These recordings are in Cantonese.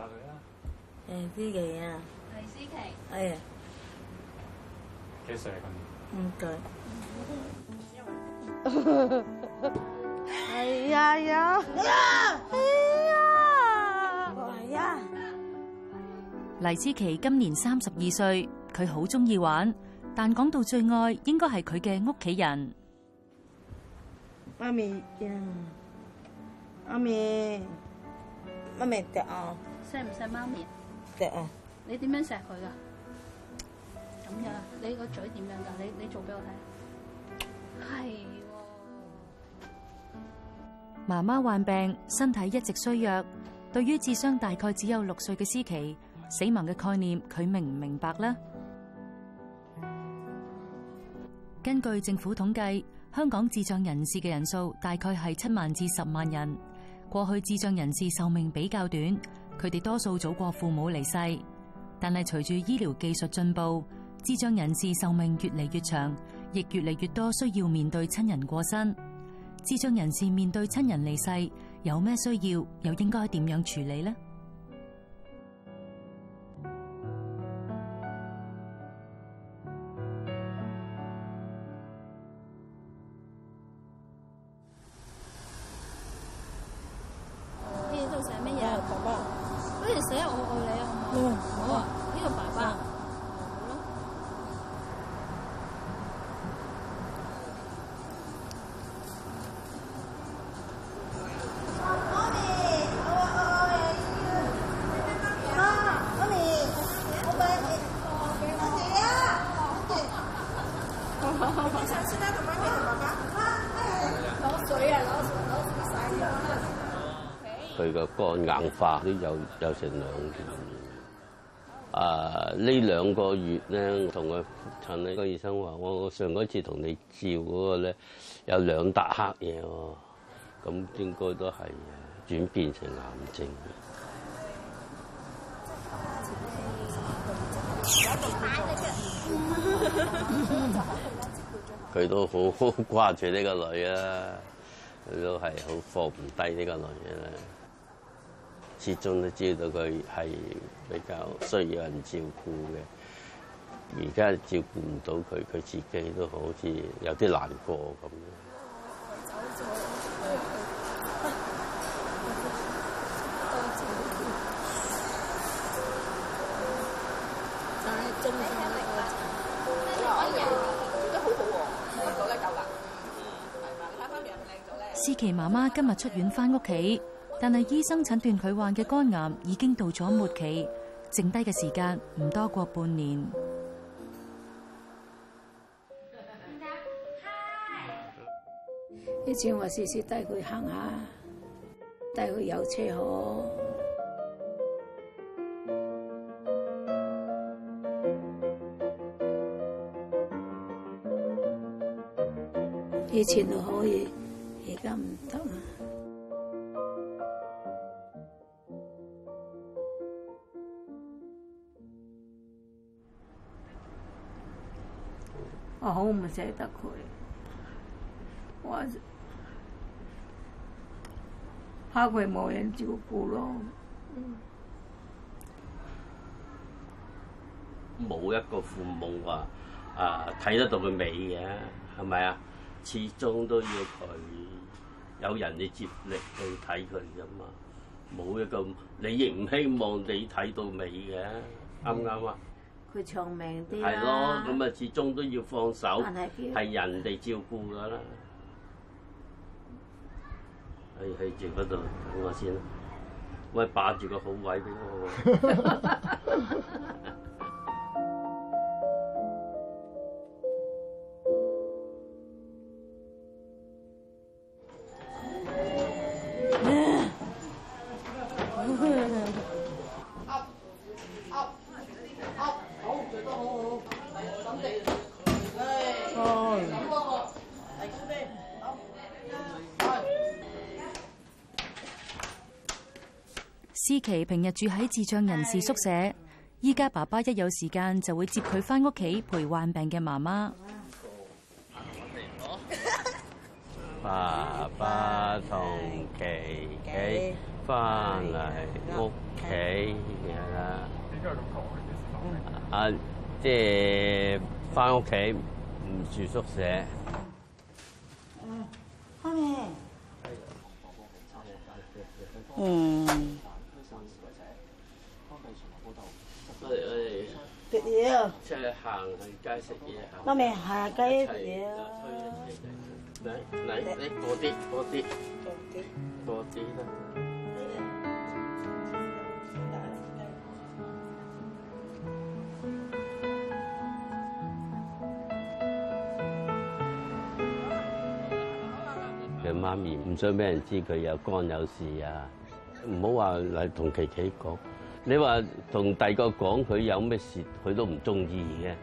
誒，思琪啊！黎思琪，哎呀！幾歲啊？今年唔該。哎呀呀！哎呀！哎呀！黎思琪今年三十二歲，佢好中意玩，但講到最愛，應該係佢嘅屋企人。媽咪，阿媽咪，媽咪，聽。錫唔錫媽咪？錫啊！你點樣錫佢噶？咁樣，你個嘴點樣噶？你你做俾我睇。係。媽媽患病，身體一直衰弱。對於智商大概只有六歲嘅思琪，死亡嘅概念，佢明唔明白呢？根據政府統計，香港智障人士嘅人數大概係七萬至十萬人。過去智障人士壽命比較短。佢哋多數早過父母離世，但係隨住醫療技術進步，智障人士壽命越嚟越長，亦越嚟越多需要面對親人過身。智障人士面對親人離世，有咩需要，又應該點樣處理呢？硬化都有有成兩年。啊！呢兩個月咧，同佢趁呢個醫生話、哦，我上嗰次同你照嗰、那個咧，有兩笪黑嘢喎，咁、哦嗯、應該都係轉變成癌症。佢 都好掛住呢個女啊！佢都係好放唔低呢個女啊！始終都知道佢係比較需要人照顧嘅，而家照顧唔到佢，佢自己都好似有啲難過咁。真思琪媽媽今日出院翻屋企。但係醫生診斷佢患嘅肝癌已經到咗末期，剩低嘅時間唔多過半年。Hi。以前我試試帶佢行下，帶佢遊車河，以前都可以，而家唔得。我好唔捨得佢，我怕佢冇人照顧咯。冇一個父母話啊睇、啊、得到佢尾嘅，係咪啊？始終都要佢有人去接力去睇佢噶嘛。冇一個你亦唔希望你睇到尾嘅，啱唔啱啊？佢長命啲係囉，咁啊始終都要放手，係人哋照顧噶啦。係，係住嗰度等我先，喂，霸住個好位俾我 平日住喺智障人士宿舍，依家爸爸一有時間就會接佢翻屋企陪患病嘅媽媽。爸爸同琪琪翻嚟屋企啊！啊，即係翻屋企唔住宿舍。嗯。食嘢，即行街食嘢。行街下街啊啊、媽咪係啊，雞嘢。嚟啲過啲，過啲過啲啦。佢媽咪唔想俾人知佢有肝有事啊！唔好話嚟同琪琪講。你話同第二個講佢有咩事，佢都唔中意嘅。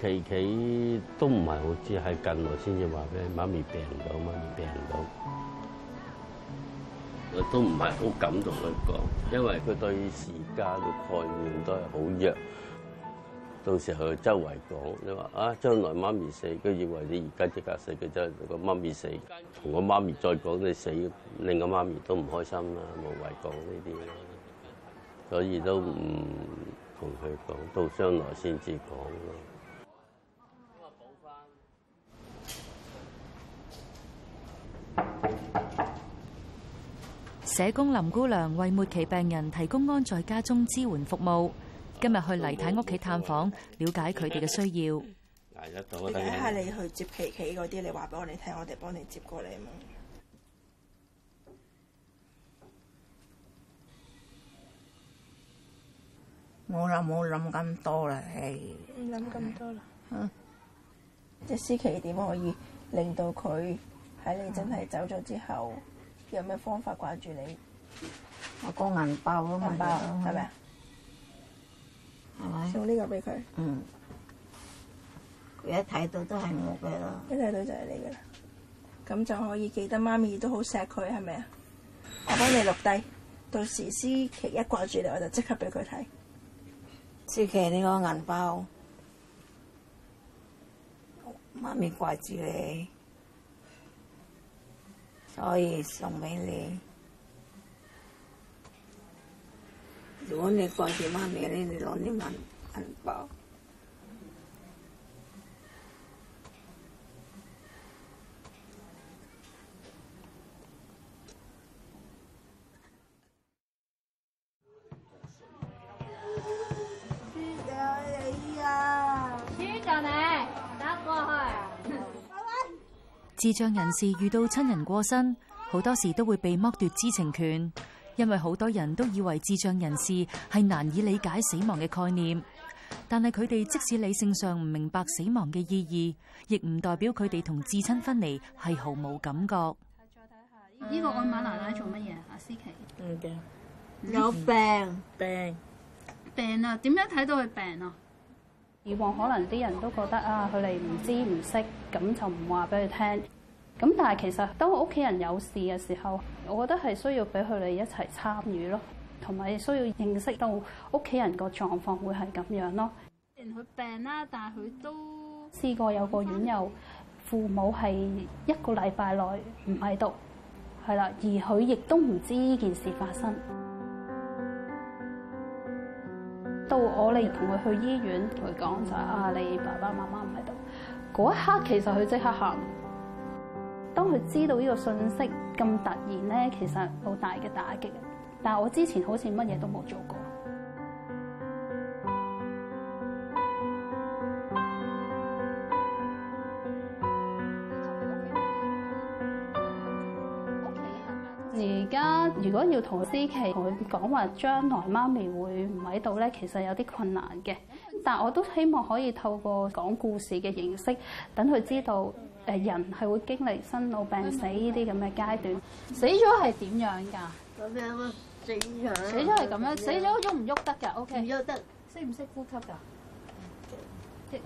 琪琪都唔係好知，係近我先至話俾，媽咪病到，媽咪病到，我都唔係好敢同佢講，因為佢對時間嘅概念都係好弱。到時候去周圍講，你話啊，將來媽咪死，佢以為你而家即刻死，佢就係個媽咪死，同個媽咪再講你死，令個媽咪都唔開心啦，無謂講呢啲，所以都唔同佢講，到將來先至講咯。社工林姑娘為末期病人提供安在家中支援服務。今日去黎太屋企探訪，了解佢哋嘅需要。睇 下你，你去接琪琪嗰啲，你話俾我哋聽，我哋幫你接過嚟。冇啦，冇諗咁多啦，係。唔諗咁多啦。即思琪點可以令到佢喺你真係走咗之後，嗯、有咩方法掛住你？我個銀包，銀包，係咪係咪？送呢個俾佢。嗯。佢一睇到都係我嘅啦。一睇到就係你嘅啦。咁就可以記得媽咪都好錫佢，係咪啊？我幫你錄低，到時思琪一掛住你，我就即刻俾佢睇。思琪，你，這個銀包。媽咪掛住你，所以送俾你。 智障人士遇到親人過身，好多時都會被剝奪知情權。因為好多人都以為智障人士係難以理解死亡嘅概念，但係佢哋即使理性上唔明白死亡嘅意義，亦唔代表佢哋同至親分離係毫無感覺。再睇下呢個愛馬奶奶做乜嘢？阿思琪，驚、嗯，有病，病，病啊！點樣睇到佢病啊？以往可能啲人都覺得啊，佢哋唔知唔識，咁就唔話俾佢聽。咁但係其實當屋企人有事嘅時候，我覺得係需要俾佢哋一齊參與咯，同埋需要認識到屋企人個狀況會係咁樣咯。連佢病啦，但係佢都試過有個院友父母係一個禮拜內唔喺度，係啦，而佢亦都唔知呢件事發生。到我哋同佢去醫院同佢講就係啊，你爸爸媽媽唔喺度。嗰一刻其實佢即刻喊。當佢知道呢個信息咁突然咧，其實好大嘅打擊。但係我之前好似乜嘢都冇做過。而、okay. 家、okay. 如果要同思琪同佢講話將來媽咪會唔喺度咧，其實有啲困難嘅。但係我都希望可以透過講故事嘅形式，等佢知道。誒人係會經歷生老病死呢啲咁嘅階段，死咗係點樣㗎？咁樣死樣。死咗係咁樣，死咗喐唔喐得㗎？OK。唔喐得，識唔識呼吸㗎？識。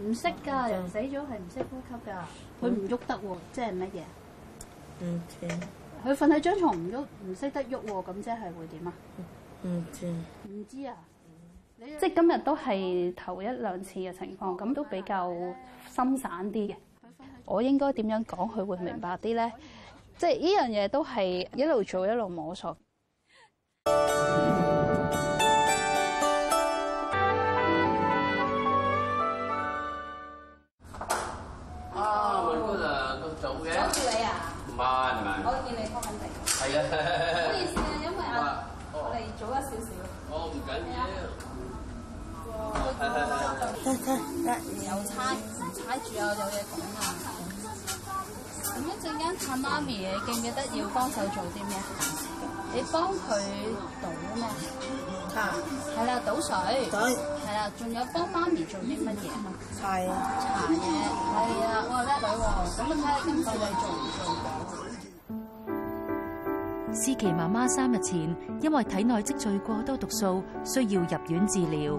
唔識㗎，人死咗係唔識呼吸㗎。佢唔喐得喎，即係乜嘢？佢瞓喺張床唔喐，唔識得喐喎，咁即係會點啊？唔知。唔知啊？即係今日都係頭一兩次嘅情況，咁都比較心散啲嘅。我應該點樣講佢會明白啲咧？即係呢樣嘢都係一路做一路摸索。啊，咪嗰度都做嘅。阻住你啊？唔係唔係。我見你好肯定。係啊。所以因為我哋早咗少少。哦，唔緊要。得得得，有猜猜住啊，嗯、媽媽有嘢講啊。咁一陣間探媽咪，你記唔記得要幫手做啲咩？你幫佢倒咩？茶、啊。係啦，倒水。水。係啦，仲有幫媽咪做啲乜嘢？係。茶嘢。係啊，我叻女喎。咁啊睇下今次你做唔做？思琪媽媽三日前因為體內積聚過多毒素，需要入院治療。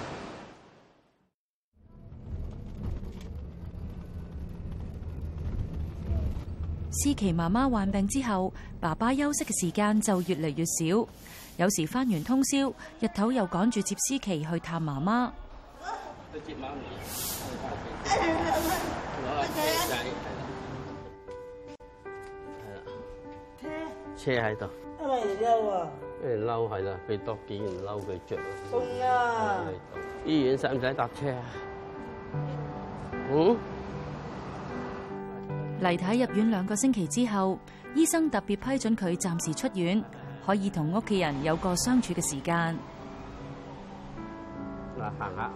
思琪媽媽患病之後，爸爸休息嘅時間就越嚟越少。有時返完通宵，日頭又趕住接思琪去探媽媽。去媽媽去車喺度、哎，因為嬲啊，因為嬲係啦，俾多幾件褸佢着。凍啊！醫院使唔使搭車啊？嗯？黎太入院兩個星期之後，醫生特別批准佢暫時出院，可以同屋企人有個相處嘅時間。嗱，走走行下，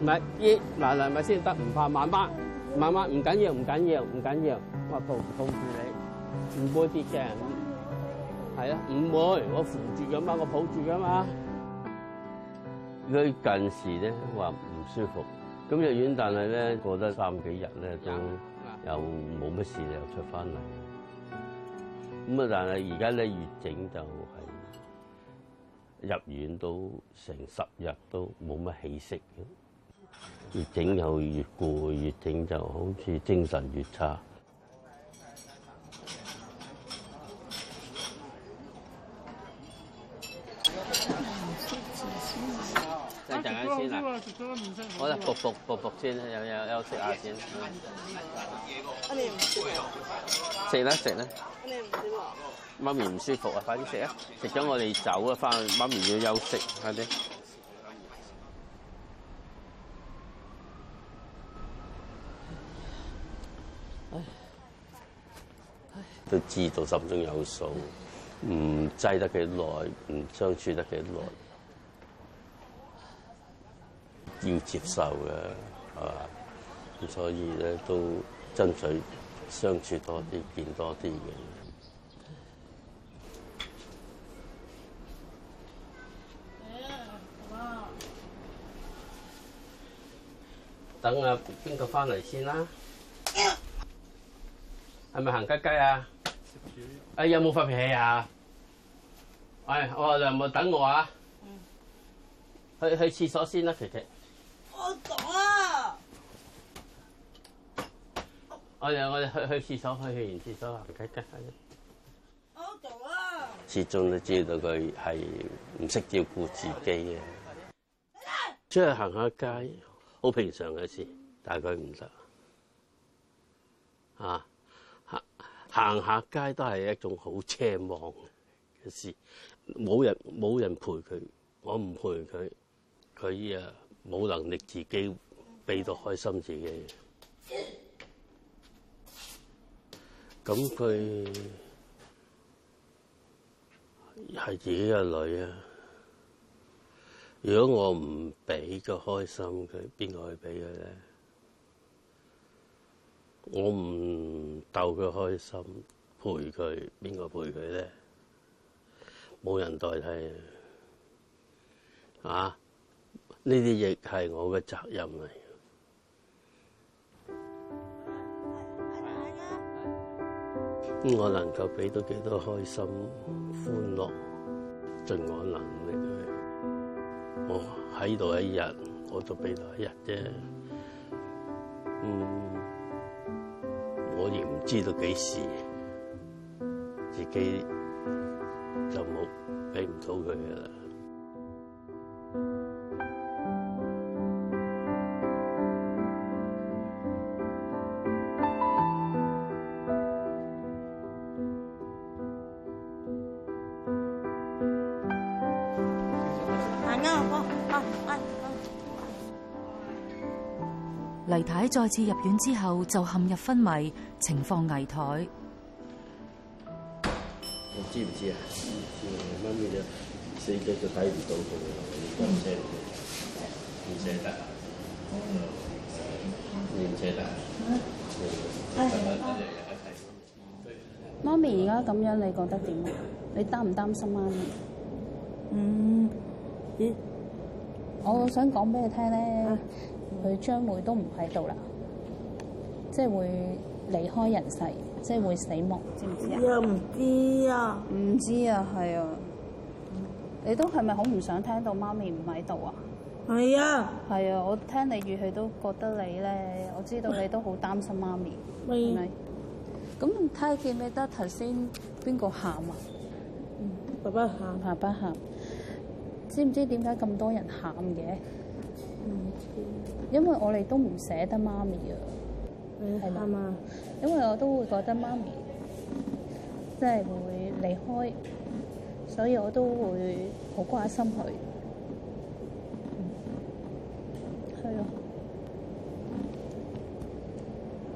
唔係，依嗱嗱咪先得，唔怕慢慢，慢慢，唔緊要，唔緊要，唔緊要，我抱抱住你，唔會跌嘅，係啊，唔會，我扶住噶嘛，我抱住噶嘛。佢、mm. 近時咧，話唔舒服。咁入院，但係呢，過得三幾日呢，都又冇乜事了，又出翻嚟。咁但係而家呢，越整就係入院都成十日都冇乜起色，越整又越攰，越整就好似精神越差。我哋搏搏搏搏先，有有休息下先。食啦食啦。媽咪唔舒服啊，快啲食啊！食咗我哋走啊，翻去媽咪要休息，快啲。都知道心中有數，唔擠得幾耐，唔相處得幾耐。要接受嘅，係嘛？所以呢，都爭取相處多啲，見多啲嘅、欸。等阿邊個返嚟先啦？係咪行街街啊？啊呃是是喘喘啊哎、有冇發脾氣啊？我有冇等我啊？嗯、去去廁所先啦、啊，琪我講啊！我哋我哋去去廁所，去去完廁所行街。我始終都知道佢係唔識照顧自己嘅。出去行下街，好平常嘅事，但係佢唔得。啊，行行下街都係一種好奢望嘅事，冇人冇人陪佢，我唔陪佢，佢啊～冇能力自己俾到開心的自己，咁佢係自己嘅女啊！如果我唔俾佢開心，佢邊個去俾佢咧？我唔逗佢開心，陪佢，邊個陪佢咧？冇人代替啊！呢啲亦係我嘅責任嚟。我能夠俾到幾多開心歡樂，盡我能力去。我喺度一日，我就俾到一日啫。嗯，我亦唔知道幾時，自己就冇俾唔到佢嘅啦。太太再次入院之後就陷入昏迷，情況危殆。你知唔知啊？媽、嗯嗯嗯嗯、咪就死鬼就睇唔到佢你唔捨得，唔捨得。唔捨得。媽咪而家咁樣你覺得點啊？你擔唔擔心啊？嗯，咦、嗯，我想講俾你聽咧。啊佢將會都唔喺度啦，即係會離開人世，即係會死亡，知唔知啊、哎、唔知啊？又唔知啊？唔知啊？係、嗯、啊！你都係咪好唔想聽到媽咪唔喺度啊？係、哎、啊！係啊！我聽你語氣都覺得你咧，我知道你都好擔心媽咪。咪、哎、咪，咁睇下見咩得才、啊？頭先邊個喊啊？嗯，爸爸喊。爸爸喊。知唔知點解咁多人喊嘅？因為我哋都唔捨得媽咪啊，係、嗯、嘛？因為我都會覺得媽咪即係會離開，所以我都會好掛心佢。係啊，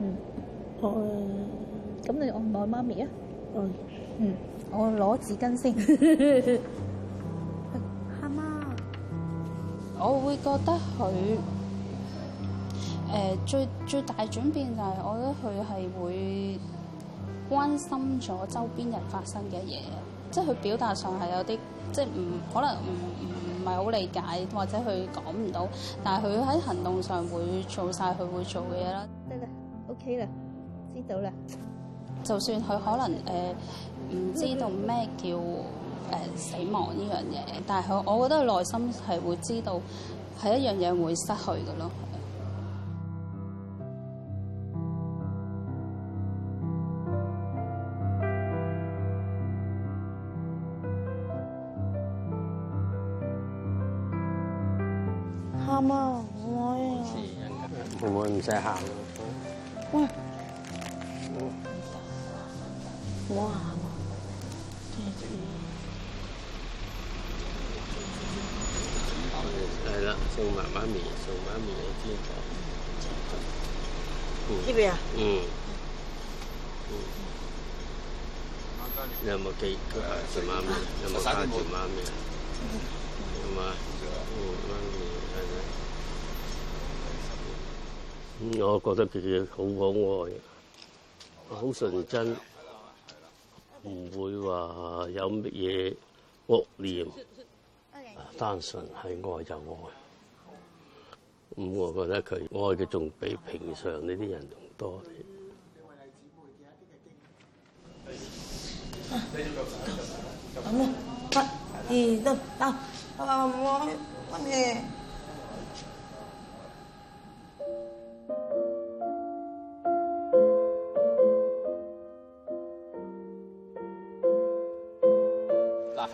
嗯，咁、嗯嗯嗯、你愛唔愛媽咪啊，嗯，嗯，我攞紙巾先。 我會覺得佢誒、呃、最最大轉變就係，我覺得佢係會關心咗周邊人發生嘅嘢，即係佢表達上係有啲即係唔可能唔唔唔係好理解，或者佢講唔到，但係佢喺行動上會做晒佢會做嘅嘢啦。得啦，OK 啦，知道啦。就算佢可能誒、呃、唔知道咩叫誒、死亡呢樣嘢，但係我我覺得內心係會知道係一樣嘢會失去嘅咯。喊啊！唔可以。唔使喊。喊。來啦，送媽媽咪，送媽咪。米啲嘢。幾杯啊？嗯。你廿五杯嘅媽媽米，廿五杯嘅媽媽米。咁啊，有有媽咪、嗯嗯嗯嗯、媽米嗰嗯，我覺得佢哋好可愛，好純真，唔會話有乜嘢惡念。單純係愛就愛，咁我覺得佢愛嘅仲比平常呢啲人仲多啲。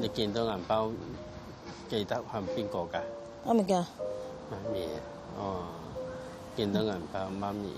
你見到銀包記得係邊個㗎？阿咪㗎。媽咪，哦，見到銀包媽咪。